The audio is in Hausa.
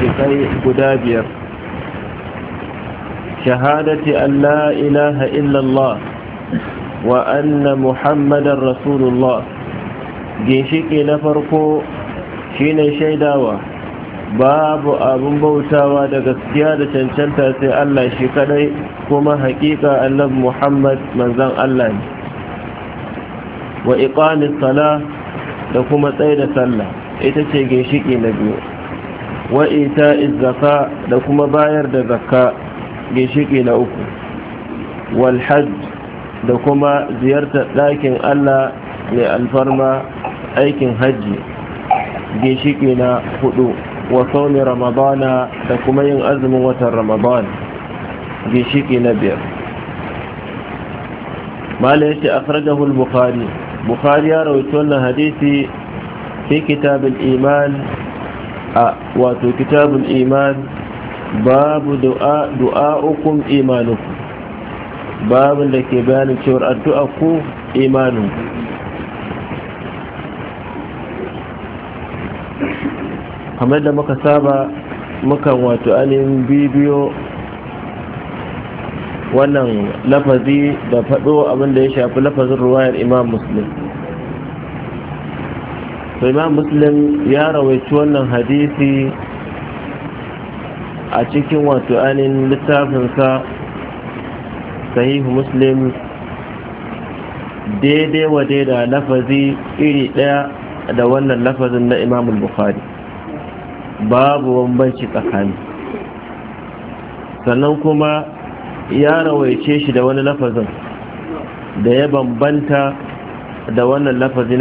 ginshiƙai guda biyar shahadati an la ilaha illallah wa anna muhammadan rasulullah ginshiƙi na farko shine shaidawa babu abun bautawa da gaskiya da cancanta sai Allah shi kadai kuma haƙiƙa annabi Muhammad manzan Allah ne wa iqamis sala da kuma tsaye da sallah ita ce ginshiki na biyu waita izaka zaka da kuma bayar da zakka ginshiki na uku walhaj da kuma ziyartar ɗakin Allah mai alfarma aikin hajji ginshiki na hudu wa sauni ramadana da kuma yin azumin watan ramadan ginshiki na biyar mala yace akhrajahu al-bukhari bukhari ya rawaito wannan hadisi fi kitab iman a wato kitabun iman babu du'a du'a'ukum imanukum babu da ke bayanin cewar addu'a ku imanun kamar da muka saba muka wato anin bibiyo wannan lafazi da faɗo abinda ya shafi lafazin ruwayar imam muslim imam muslim ya rawaici wannan hadisi a cikin wato anin littafinsa sahihu muslim daidai wa daida lafazi iri ɗaya da wannan lafazin na imam bukhari babu bambanci tsakani sannan kuma ya rawaice shi da wani lafazin da ya bambanta da wannan lafazi